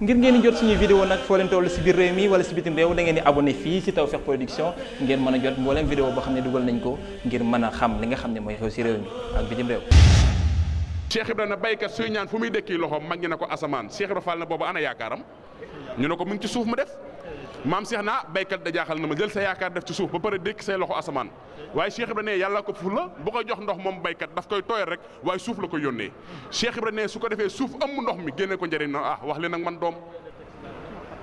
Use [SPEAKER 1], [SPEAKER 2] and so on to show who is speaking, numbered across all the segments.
[SPEAKER 1] ngir ngeen di jot suñuy vidéo nag foo leen toll si biir réew mi wala si bitim réew da ngeen di abonné fii si Tawfekh Production ngeen mën a jot mbooleem vidéo boo xam ne dugal nañ ko ngir mën a xam li nga xam ne mooy xew si réew mi ak bitim réew Cheikh Ibrahima baykat suy ñaan fu muy dëkki loxoom mag ñi ne ko asamaan Cheikh Ibra Fall na boobu a yaakaaram ñu ne ko muñ ci suuf mu def maam Cheikh naa baykat da jaaxal na ma jël sa yaakaar def ci suuf ba pare dékk say loxo asamaan waaye Cheikh Ibra ne yàlla ko fu la bu ko jox ndox moom béykat daf koy tooyal rek waaye suuf la koy yónnee Cheikh Ibra nee su ko defee suuf ëmb ndox mi génne ko njëriñ na ah wax leen nag man doom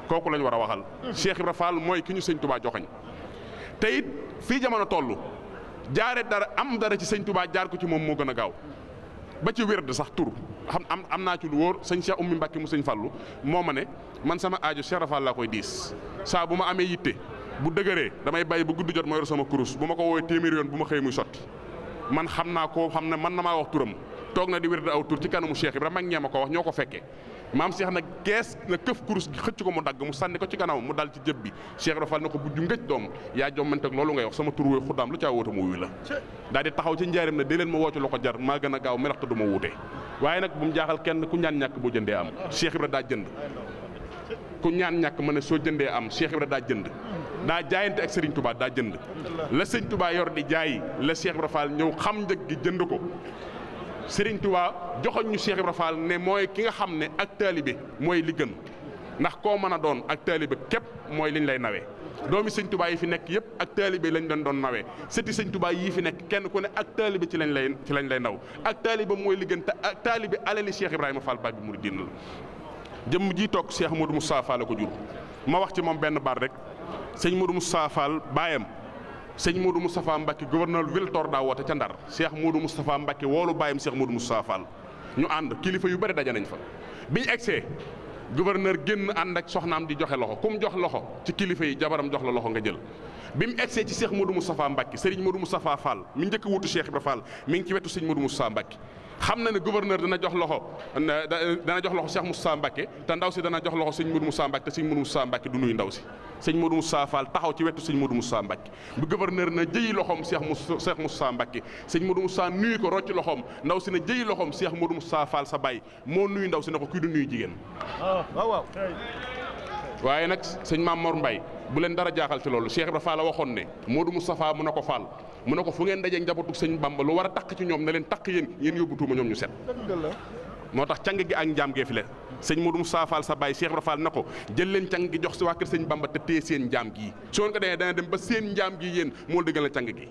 [SPEAKER 1] kooku lañ war a waxal Cheikh Ibra Fall mooy ki ñu sëñ Touba joxañ te it fii jamono toll jaare dara am dara ci sëñ tubaa jaar ko ci moom moo gën a gaaw ba ci wérd sax tur am am naa ci lu wóor sëñ Cheikh Oumy Mbacke mu sëñ Fallou moo ma ne man sama aajo Cheikh Rafal laa koy diis saa bu ma amee yitte bu dëgëree damay bàyyi bu gudd jot ma yor sama kurus bu ma ko woowee téeméer yoon bu ma xëy muy sotti man xam naa koo xam ne man na maa wax turam toog na di wér da aw tur ci kanamu Cheikh Ibra mag ñee ma ko wax ñoo ko fekkee maam Cheikh na gees na këf kurus xëcc ko mu dagg mu sànni ko ci kanam mu dal ci jëb bi Cheikh Ibra Fall na ko bujju ngëj doom yaa jommanteeg loolu ngay wax sama tur wooy xuddaam lu caa wóota mu wuyu la daal taxaw ci njaarim ne dee leen ma woocu lu ko jar maa gën a gaaw melaxta du ma wuute waaye nag bu mu jaaxal kenn ku ñaan ñàkk boo jëndee am ah. Cheikh Ibra daa jënd ku ñaan ñàkk mën a soo jëndee am Cheikh Ibra daa jënd daa jaayante ak Serigne Touba daa jënd la Serigne Touba yor di jaay la Cheikh Ibra ñëw xam njëg gi jënd ko Serigne Touba joxoñ ñu Cheikh Ibra ne mooy ki nga xam ne ak taalibe mooy li ndax koo mën a doon ak taalibe képp mooy liñ lay nawee doomi sëñ Touba yi fi nekk yëpp ak taalibe lañ doon doon nawee sëti sëñ Touba yi fi nekk kenn ku ne ak taalibe ci lañ lay ci lañ lay naw ak taalibe mooy li gën te ak taalibe alali Cheikh Ibrahima Fall Baay bi Mourideen la jëmm ji toog Cheikh Modou Moustapha Fall ko jur ma wax ci moom benn baar rek sëñ Modou Moustapha Fall baayam sëñ Modou Moustapha Mbacke gouverneur Wiltor daa woote ca Ndar Cheikh Modou Moustapha Mbacke woolu baayam seex Modou Moustapha Fall ñu ànd kilifa yu bëri daje nañ fa biñ egsee gouverneur génn ànd ak soxnaam di joxe loxo kum jox loxo ci kilifa yi jabaram jox la loxo nga jël bi mu egsee ci Cheikh Modou Moustapha Mbacke sëriñ Modou Moustapha Fall mi njëkk wutu Cheikh Ibra mi ngi ci wetu sëñ Modou Moustapha Mbacke xam na ne gouverneur dana jox loxo dana jox loxo Cheikh Moussa Mbacke te ndaw si dana jox loxo sëñ Modou Moussa Mbacke te sëñ Modou du nuyu ndaw si sëñ Modou Moussa Fall taxaw ci wetu sëñ Modou Moussa Mbacke bu gouverneur na jëyi loxoom seex mu Cheikh Moussa Mbacke sëñ Modou Moussa nuyu ko rocc loxoom ndaw si na jëyi loxoom seex Modou Moussa Fall sa baay moo nuyu ndaw si ne ko kii du nuyu jigéen. Ah, waaw waaw waaye nag sëñ Mamor Mbaye bu leen dara jaaxal ci loolu Cheikh Ibra Fall waxoon ne Modou Moustapha mu na ko Fall mu ne ko fu ngeen dajee njabootu sëñ Bamba lu war a takk ci ñoom na leen takk yéen yéen yóbbu tuuma ñoom ñu set moo tax càng gi ak njaam gee fi la sëñ Modou Moussa sa baay Cheikh Ibra Fall na ko jël leen càng gi jox si waa kër sëñ Bamba te seen njaam gii su woon ko dem ba seen njaam gi yéen moo dëggal na càng gi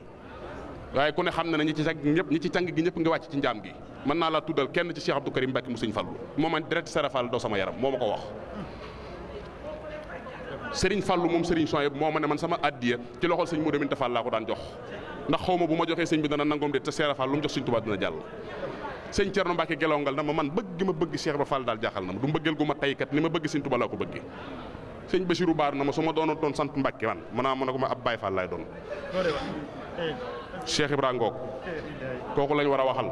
[SPEAKER 1] waaye ku ne xam na ne ci càng ñëpp ñi ci càng gi ñëpp nga wàcc ci njaam gi mën naa laa tuddal kenn ci Cheikh Abdou Karim Mbacke mu sëñ Fallou moo man direct Sara Fall doo sama yaram moo ma ko wax Serigne Fallou moom Serigne Soyebu moo ma ne man sama addiya ci loxol sëñ Modou Minta Fall laa ko daan jox ndax xaw ma bu ma joxee sëñ bi dana nangoom de te Seera Fall lu mu jox sëñ Tuubaa dina jàll sëñ Cerno Mbàkke gelongal na ma man bëgg ma bëgg Cheikh ba Fall daal jaaxal na ma du mbëggeel gu ma taykat ni ma bëgg sëñ Tuubaa laa ko bëgge sëñ Basiru Baar na ma su ma doonoon doon sant Mbàkke man mana ma ne ko ma ab Baay Fall laay doon Cheikh Ibra ngoog kooku lañ war a waxal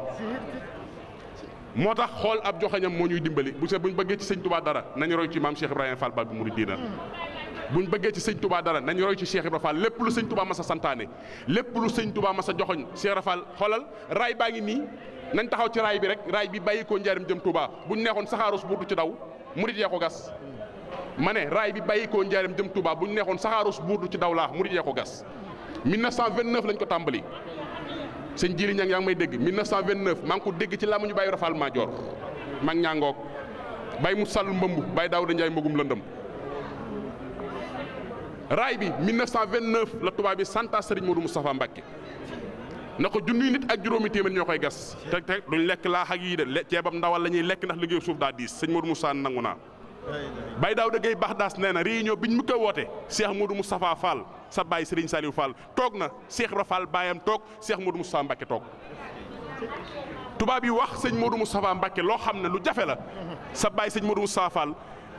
[SPEAKER 1] moo tax xool ab joxañam moo ñuy dimbali bu se buñ bëggee ci sëñ Tuubaa dara nañu roy ci maam ba mu diina buñ bëggee ci sëñ tubaa dara nañ roy ci Cheikh Ibra Fall lépp lu sëñ Touba mas a santaane lépp lu sëñ Touba mas a joxoñ Cheikh Ibra Fall xoolal raay baa ngi nii nañ taxaw ci raay bi rek raay bi bàyyi ko njaarim jëm Touba buñ neexoon saxaaru buutu ci daw murit yee ko gas ma ne raay bi bàyyi ko njaarim jëm Touba buñ neexoon saxaaru buutu ci daw laa murit yee ko gas 1929 lañ ko tàmbali sëñ Jili Ñang yaa ngi may dégg 1929 maa ngi ko dégg ci làmmiñu Baye Ibra Fall Madior mag ñaa ngoog Baye mu sàll mbëmb Baye Daouda Ndiaye mbëggum raay bi 1929 la tubaab bi santa Serigne Modou Moustapha Mbacke na ko junniy nit ak juróomi téeméer ñoo koy gas te te duñ lekk laax ak yii de ceebam ndawal la ñuy lekk ndax liggéey suuf daa diis sëñ Modou Moustapha nangu naa. bay daaw dëggay baax daas nee na réunion biñ mu ko woote Cheikh Modou Moustapha Fall sa baay Serigne Saliou Fall toog na seex Ibra baayam toog seex Cheikh mu Moustapha Mbacke toog. tubaab yi wax sëñ mu Moustapha Mbacke loo xam ne lu jafe la sa baay sëñ Modou Moustapha Fall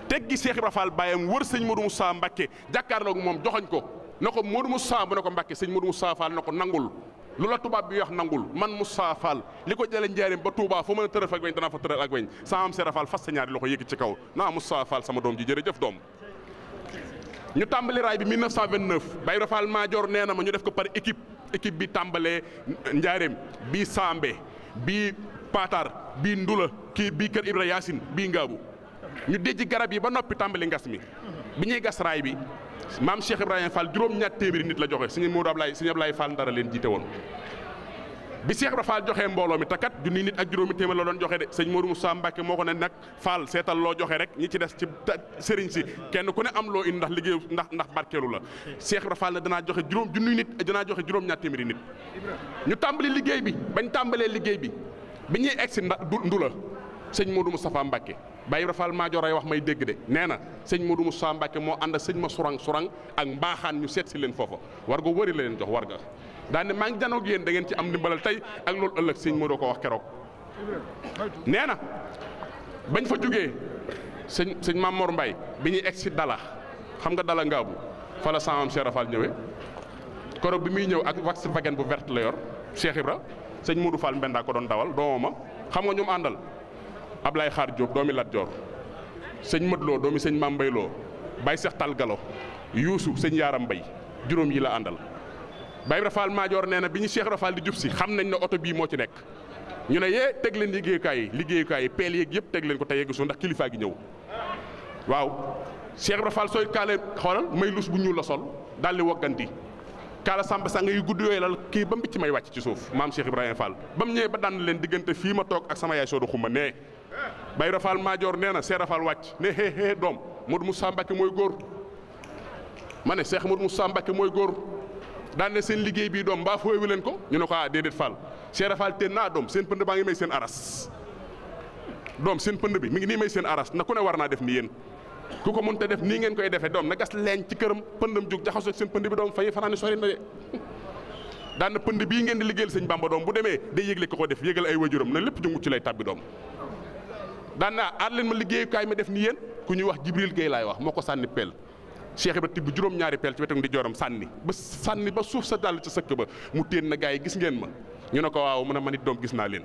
[SPEAKER 1] teggi Cheikh Ibra Fall bàyyam wër sëñ Modou Moussa Mbacké jàkkaarlook moom joxoñ ko na ko Modou Moussa bu na ko Mbacké sëñ Modou Moussa Fall na ko nangul lu la tubaab bi wax nangul man Moussa Fall li ko jëlee njaarim ba Touba foo mën a tërëf ak weñ fa tërëf ak weñ saa am Cheikh Ibra Fall fas sa ñaari loxo yëkki ci kaw naa Moussa Fall sama doom ji jërëjëf doom ñu tàmbali raay bi 1929 Baye Ibra Fall Madior nee na ma ñu def ko par équipe équipe bi tàmbalee njaarim bii Sambe bii Patar bii Ndula kii bii Kër bii Ngaabu ñu déjji garab yi ba noppi tàmbali ngas mi bi ñuy gas raay bi maam Cheikh Ibrahima Fall juróom-ñatt téeméeri nit la joxe sëñ Modou Ablaye sëñ Ablaye Fall ndara leen jiite woon bi Cheikh Ibrahima Fall joxe mbooloo mi takat junni nit ak juróomi téeméer la doon joxe de sëñ Modou Moussa Mbacke moo ko ne nag Fall seetal loo joxe rek ñi ci des ci sëriñ si kenn ku ne am loo indi ndax liggéey ndax ndax barkeelu la Cheikh Ibrahima Fall ne danaa joxe juróom junni nit danaa joxe juróom-ñatt nit ñu tàmbali liggéey bi bañ tàmbalee liggéey bi bi ñuy egsi ndu la sëñ Modou Moustapha Mbacke Baye Ibra Fall Madior ay wax may dégg de nee na sëñ Modou Moustapha Mbacke moo ànd ak sëñ ma surang surang ak mbaaxaan ñu seet si leen foofa war go wëri la leen jox war ga daane maa ngi janoog yéen dangeen ci am ndimbalal tey ak loolu ëllëg sëñ Modou ko wax keroog nee na bañ fa jógee sëñ sëñ Maam Mor bi ñuy egg si dala xam nga dala ngaabu fa la samam Cheikh Rafal keroog bi muy ñëw ak wax wagen bu verte la yor Cheikh Ibra sëñ Modou Fall ko doon dawal doomama xam nga ñoom àndal Ablaye Xaar Diop doomi Lat Joor sëñ Mat Loo doomi sëñ Maam Mbay Loo Baye Seex Tal Galo Yuusu sëñ Yaaram Mbay juróom yi la àndal Baye Rafaal Maajoor nee na bi ñu Cheikh Rafaal di jub si xam nañ ne oto bii moo ci nekk ñu ne yee teg leen liggéeyukaay yi liggéeyukaay yi peel yeeg yëpp teg leen ko te yegg su ndax kilifaa gi ñëw waaw Cheikh Rafaal sooy kaale xoolal may lus bu ñuul la sol daal di wagganti kaala sàmba sàng yu gudd yooyu la kii ba mu ci may wàcc ci suuf maam Cheikh Ibrahima Fall ba ma toog bay rafal maajoor nee na see rafal wàcc ne hee hee doom Modou Moussa Mbacké mooy góor ma ne Cheikh Modou Moussa Mbacké mooy góor daan ne seen liggéey bii doom mbaa fooyewu leen ko ñu ne ko ah déedéet Fall see rafal teen naa doom seen pënd baa ngi may seen aras doom seen pënd bi mi ngi nii may seen aras na ku ne war naa def ni yéen ku ko mënta def nii ngeen koy defee doom na gas leen ci këram pëndam jug jaxasoo seen pënd bi doom fay fanaani sori bii ngeen di liggéeyal sëñ Bamba doom bu demee day yëgle ko ko def yëgal ay wajuram na lépp ju mucc lay tàbbi doom daan naa aar leen ma liggéeyukaay ma def ni yéen ku ñuy wax Jibril Gueye laay wax moo ko sànni peel Cheikh Ibrahima tibb juróom-ñaari peel ci wetam di jooram sànni ba sànni ba suuf sa dàll ca sëkk ba mu téen na gars yi gis ngeen ma ñu ne ko waaw mu ne ma nit doom gis naa leen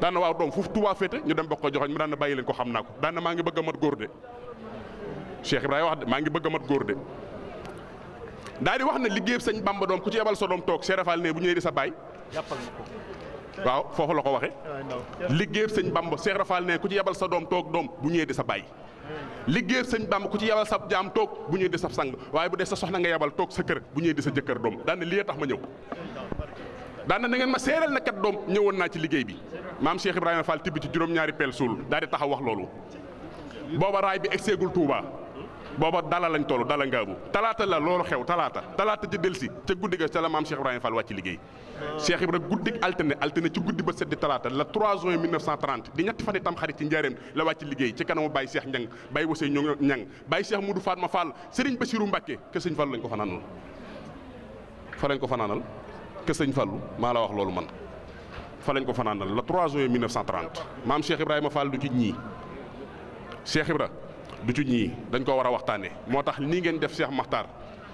[SPEAKER 1] daana waaw doom foofu Tuubaa féete ñu dem ba ko joxoñ mu daan na bàyyi leen ko xam naa ko daan maa ngi bëgg a mat góor de Cheikh Ibrahima wax de maa ngi bëgg a mat góor de daal di wax na liggéey sëñ Bamba doom ku ci sa doom toog Cheikh Rafal bu ñëwee di sa baay waaw foofu la ko waxee. liggéeyub sëñ bamba Cheikh Rafal nee ku ci yabal sa doom toog doom bu ñëwee di sa baay liggéeyub sëñ bamba ku ci yabal sa jaam toog bu ñëwee di sa sang waaye bu dee sa soxna nga yabal toog sa kër bu ñëwee di sa jëkkër doom daan na lii tax ma ñëw. daan na ngeen ma seeral nekkat kat doom ñëwoon naa ci liggéey bi maam Cheikh Ibrahima Fall tibb ci juróom-ñaari pel suul daal di taxaw wax loolu. booba raay bi egg seegul Touba. booba dala lañ toll dala ngaabu talaata la loolu xew talaata talaata ca delsi ca guddi ga ca la maam Cheikh Ibrahima Fall wàcc liggéey Cheikh Ibrahima guddik altine altine ci guddi ba la 3 juin 1930 di ñetti fan itam xarit ci njaareem la wàcc liggéey ci kanamu Baye Cheikh Ñang Baye Wasey ño Ñang Baye Cheikh Moudou Fatma Fall Serigne ba Mbacké ke sëñ Fallu lañ ko fanaanal fa lañ ko fanaanal ke sëñ Fallu maa la wax loolu man fa lañ ko fanaanal la 3 juin 1930 maam Cheikh Ibrahima Fall du ci ñii Cheikh Ibrahima du ci ñii dañ ko war a waxtaanee moo tax nii ngeen def Cheikh Makhtar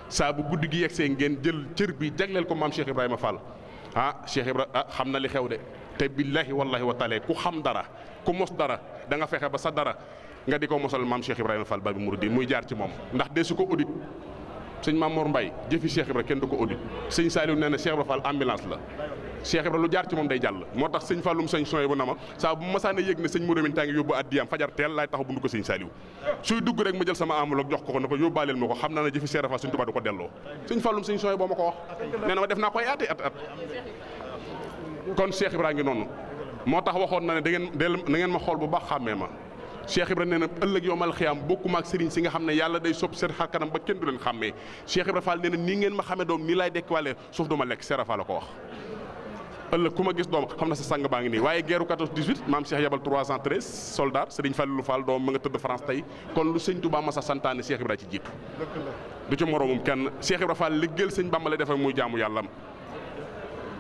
[SPEAKER 1] saa bu guddi gi yegsee ngeen jël cër bi jagleel ko maam Cheikh Ibrahima Fall ah Cheikh Ibrahima ah xam na li xew de te billahi wallahi wa taala ku xam dara ku mos dara da nga fexe ba sa dara nga di ko mosal maam Cheikh Ibrahima Fall Babi Mouridine muy jaar ci moom ndax de su ko audit sëñ Mamour Mbaye jëfi Cheikh Ibra kenn du ko audit sëñ Saliou nee na Cheikh Ibra Fall la Cheikh lu jaar ci moom day jàll moo tax sëñ Falloum sëñ soy bu na ma saa bu masaane yëg ne sëñ Mouramin Tangi yóbbu addiyam fajar teel laay taxaw bundu ko sëñ Saliou suy dugg rek ma jël sama enveloppe jox ko ko na ko yóbbaaleel ma ko xam naa ne jëfi Cheikh Ibra Fall sëñ ko delloo sëñ Falloum sëñ soy boo ma ko wax nee na ma def naa koy aate at at kon Cheikh Ibra ngi noonu moo tax waxoon na ne da ngeen da ngeen ma xool bu baax xàmmee ma Cheikh Ibra nee na ëllëg yowmal xiyaam bokkuma ak sëriñ si nga xam ne yàlla day sopp seen xar ba kenn du leen xàmmee Cheikh Ibra Fall nee na nii ngeen ma xamee doom nii laay dekkiwaale suuf du ma lekk Serap Fall a ko wax. ëllëg ku ma gis doom xam na sa sang baa ngi nii waaye guerre 14 18 maam Cheikh yabal 313 soldats Serigne Fallou Fall doom ma nga tëdd France tey kon lu sëñ Touba Massa santaane Cheikh Ibra ci jiitu. du ci moromum kenn Cheikh Ibra Fall liggéeyal sëñ Bamba lay def ak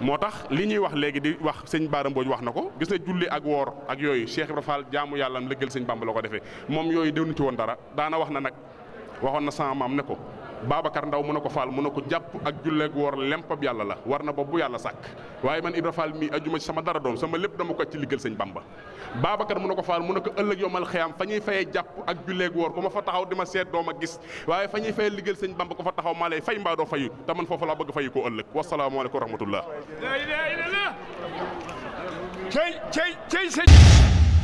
[SPEAKER 1] moo tax li ñuy wax léegi di wax sëñ Baara Mbodj wax na ko gis na julli ak woor ak yooyu Cheikh Ibra Fall jaamu yàlla am lëggal sëñ Bamba la ko defee moom yooyu déglu ci woon dara daana wax na nag waxoon na sama maam ne ko Babacar Ndaw mu ne ko faal mu ne ko jàpp ak julleeg woor lempab yàlla la war na bopp bu yàlla sàkk waaye man Ibra Fall mii ajuma ci sama dara doom sama lépp dama ko ci liggéeyal sëñ Bamba Babacar mu ne ko faal mu ne ko ëllëg yomal xëyam fa ñuy fayee jàpp ak julleeg woor ku ma fa taxaw di ma seet doo a gis waaye fa ñuy faye liggéeyal sëñ Bamba ko fa taxaw maa lay fay mbaa doo fayu te man foofu laa bëgg fayu koo ëllëg wasalaamaaleykum wa rahmatullah cey cey cey sëñ